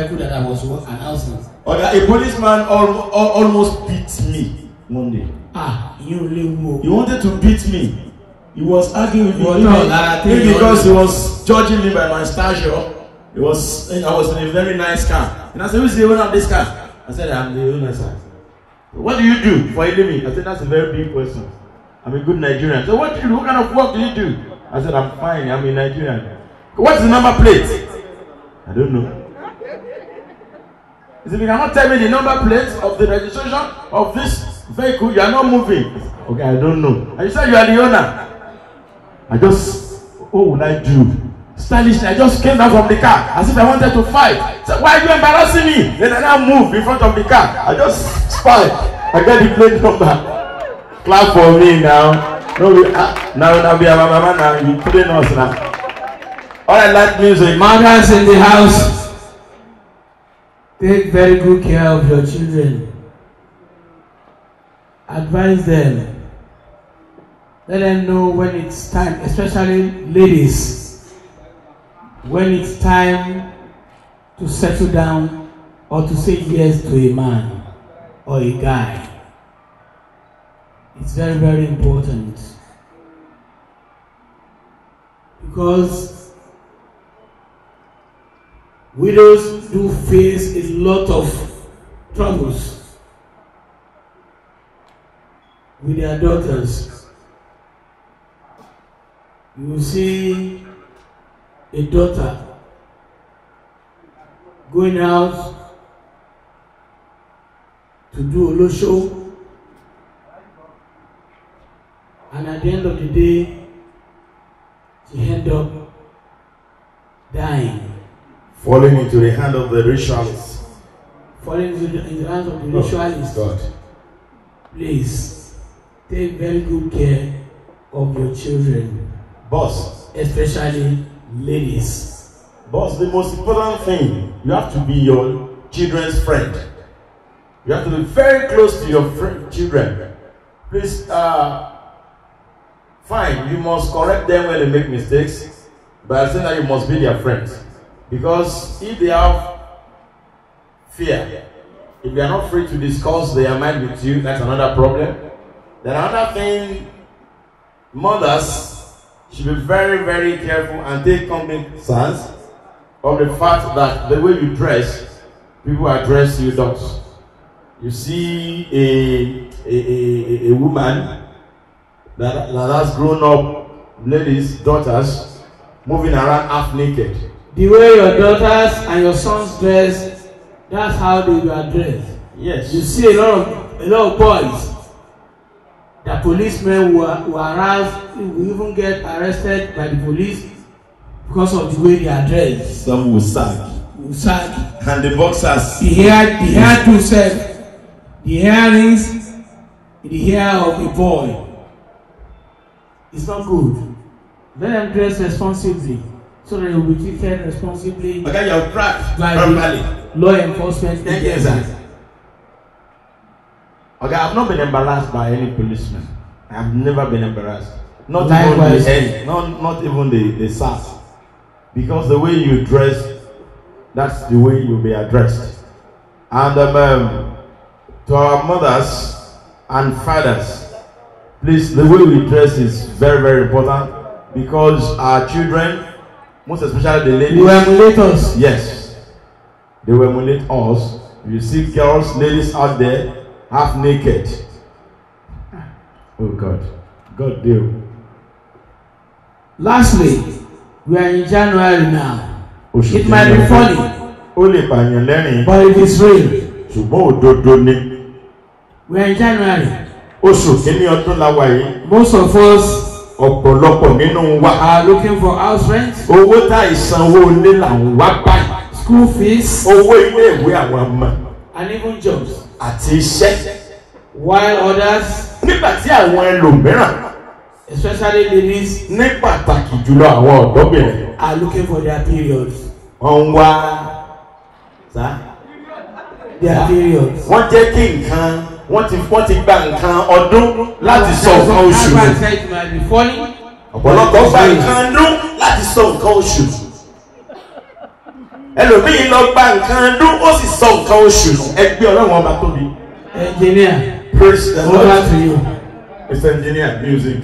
vehicle that I was an outside. ọ̀dà a policeman al al almost beat me one day. ah you ò léwu he wanted to beat me he was arguing with me maybe because he was judging me by my stature he was I was in a very nice car and I said who's the owner of this car I said I'm the owner sir what do you do for a living I said that's a very big question I'm a good Nigerian so what do you do what kind of work do you do I said I'm fine I'm a Nigerian what's the number plate I don't know If you cannot tell me the number plate of the registration of this vehicle, you are not moving. Okay, I don't know. And you said you are the owner. I just, what would I do? Stylish, I just came down from the car as if I wanted to fight. So why are you embarrassing me? Then I now move in front of the car. I just spy. I get the plate number. Clap for me now. No, we, uh, now, now we are my mama now. You putting us now. All right, that music. Mama's in the house. Take very good care of your children. Advise them. Let them know when it's time, especially ladies, when it's time to settle down or to say yes to a man or a guy. It's very, very important. Because widows do face a lot of troubles with their daughters. You see a daughter going out to do olosho and at the end of the day she end up dying. Falling into the hand of the ritualists. Falling into the, in the hands of the oh, ritualists. God. Please take very good care of your children. Boss. Especially ladies. Boss, the most important thing, you have to be your children's friend. You have to be very close to your friend, children. Please, uh, fine, you must correct them when they make mistakes, but I say that you must be their friends. Because if they have fear, if they are not free to discuss their mind with you, that's another problem. Then another thing, mothers should be very, very careful and take cognizance of the fact that the way you dress, people address you dogs. You see a, a, a, a woman that, that has grown up, ladies, daughters, moving around half naked. The way your daughters and your sons dress, that's how they were dressed. Yes. You see a lot of a lot of boys. The policemen were, were harassed, we even get arrested by the police because of the way they are dressed. Some will sack. Will sack. And the boxers. The hair, the hair too said, the earrings, the hair of a boy. It's not good. Let them dress responsibly. so that you'll be treated responsibly. Okay, you have cracked properly. Law enforcement. Thank you, sir. Okay, I've not been embarrassed by any policeman. I've never been embarrassed. Not Likewise. even the, not, not even the, the SAS. Because the way you dress, that's the way you'll be addressed. And um, um, to our mothers and fathers, please, the way we dress is very, very important because our children most especially the ladies. You emulate us. Yes. They will emulate us. You see girls, ladies out there, half naked. Oh God. God deal. Lastly, we are in January now. Oṣù it might be funny. Ó lè pààyàn lẹ́rìn. But it is real. Ṣùgbọ́n òdodo ni. We are in January. Oṣù kìíní ọdún la wà yìí. Most of us ọ̀pọ̀lọpọ̀ nínú wa. are looking for house rent. owó tá ìsanwó ilé là wá báyìí. school fees. owó ilé ìwé àwọn ọmọ. and even jobs. àti iṣẹ́. while others. nígbà tí àwọn ẹlòmíràn. especially ladies. ní pàtàkì jùlọ àwọn ọ̀dọ́bìnrin. are looking for their periods. wọ́n wá. their period. wọ́n jẹ́ kí nǹkan wọ́n ti wọ́n ti gba nǹkan ọdún láti sọ nǹkan oṣù ọ̀pọ̀lọpọ̀ gba nǹkan ọdún láti sọ nǹkan oṣù ẹlòmíì lọ gba nǹkan ọdún ó sì sọ nǹkan oṣù ẹgbẹ́ ọlọ́run ọba tóbi. engineer praise the lord over to you. it's engineer music.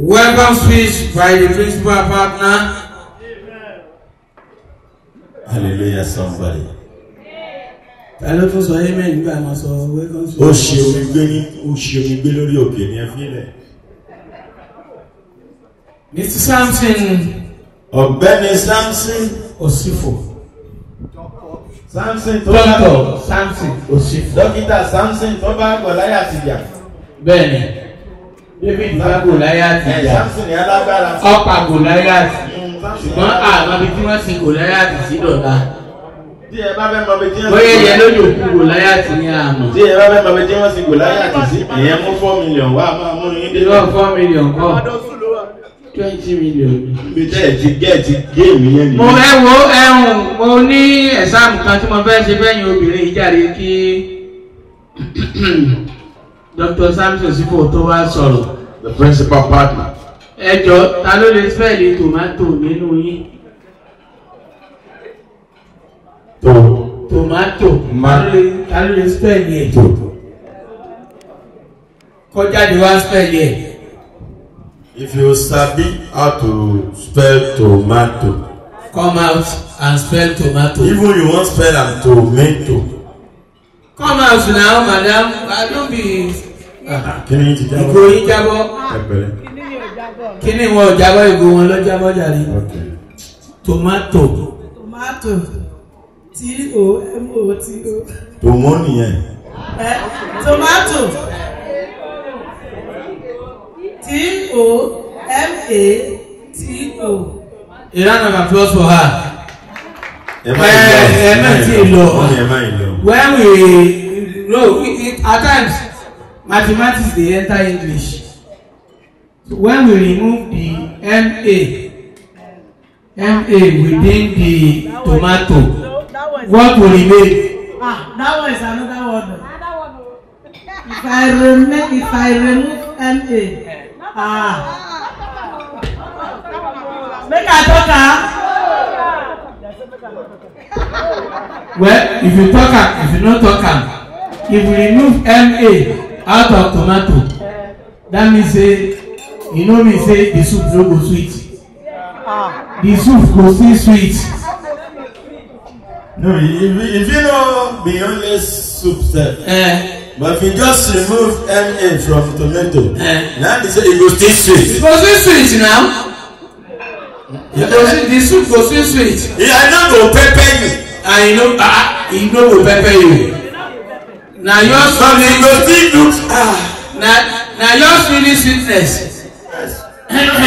Welcome speech by the principal partner. Amen. Hallelujah, somebody. Hello, to say amen. You guys so welcome. Ó ṣe omi gbé ní ó ṣe omi gbé lórí òkè ní ẹ̀fílẹ̀. Mr. Samson. Ọ̀gbẹ́ni Samson. Osifo. Samson tó bá bọ̀ Samson Osifo. Dókítà Samson tó bá bọ̀ láyé àtijọ́. Bẹ́ẹ̀ni, David bá bọ̀ láyé àtijọ́. Samson yẹn lágbára. Ọ̀pá Goliath. Mm, Ṣùgbọ́n àmọ́ bíi tí wọ́n sin Goliath sí dọ̀la tí ẹ bá fẹ́ mọ bẹ tí wọ́n sì gbòláyà tí ní Gòláyàtì ní àmọ́. tí ẹ bá fẹ́ mọ bẹ tí wọ́n sì Gòláyàtì sí ìyẹn mú four million wá máa mú yín dé. four million twenty million. mi tẹ́ ẹ ti gẹ́ ẹ ti géèmù yẹn mo ẹ wo ẹhùn mo ní ẹ̀sán kan tí mo fẹ́ ṣe fẹ́yìn obìnrin yìí jáde kí Dr. Samson Sifo tó wá sọ̀rọ̀. the principal partner. ẹ jọ ta ló lè fẹ́ẹ̀lì tòmátò nínú yín. tó. tòmátò ta ló lè fẹ́ẹ̀lì ẹ̀. kọjá ni wá fẹ́ẹ̀lì ẹ̀. If you sabi how to spell tomato. Come out and spell tomato. Even you wan spell am tomato. Come out now madam, I don't be. Ah, Kíni ti jábọ́? Ìgò yín jábọ́. Ẹgbẹ̀rẹ̀. Kíni wọn ò jábọ́ ìgò wọn ló jábọ́ jari. Tomato. Tomato. T-O-M-O-T-O. Tòmó nìyẹn. Ẹ eh, tomato. T O M A T O. Ìran of applause for her. Ẹ mẹ́ tí When we no at times mathematics they enter English. when we remove the MA MA within the tomato what will remain? Ah, that one is another one. Oh. If I remove if I remove MA. Ah. Make I talk am. Well, if you talk am, if you no talk am, if you remove MA out of tomato, that means say you know me say the soup no go sweet. Ah. The soup go still sweet. No, if, if you know the only soup sef. Eh but if you just remove ma from tomato eh. na dey say e go still sweet. e go still sweet now. e go still the soup go still sweet. e i no go pepper you. and e no ah e no go pepper you. na your sweet. but e go still look ah. na na your sweet sweetness. Yes.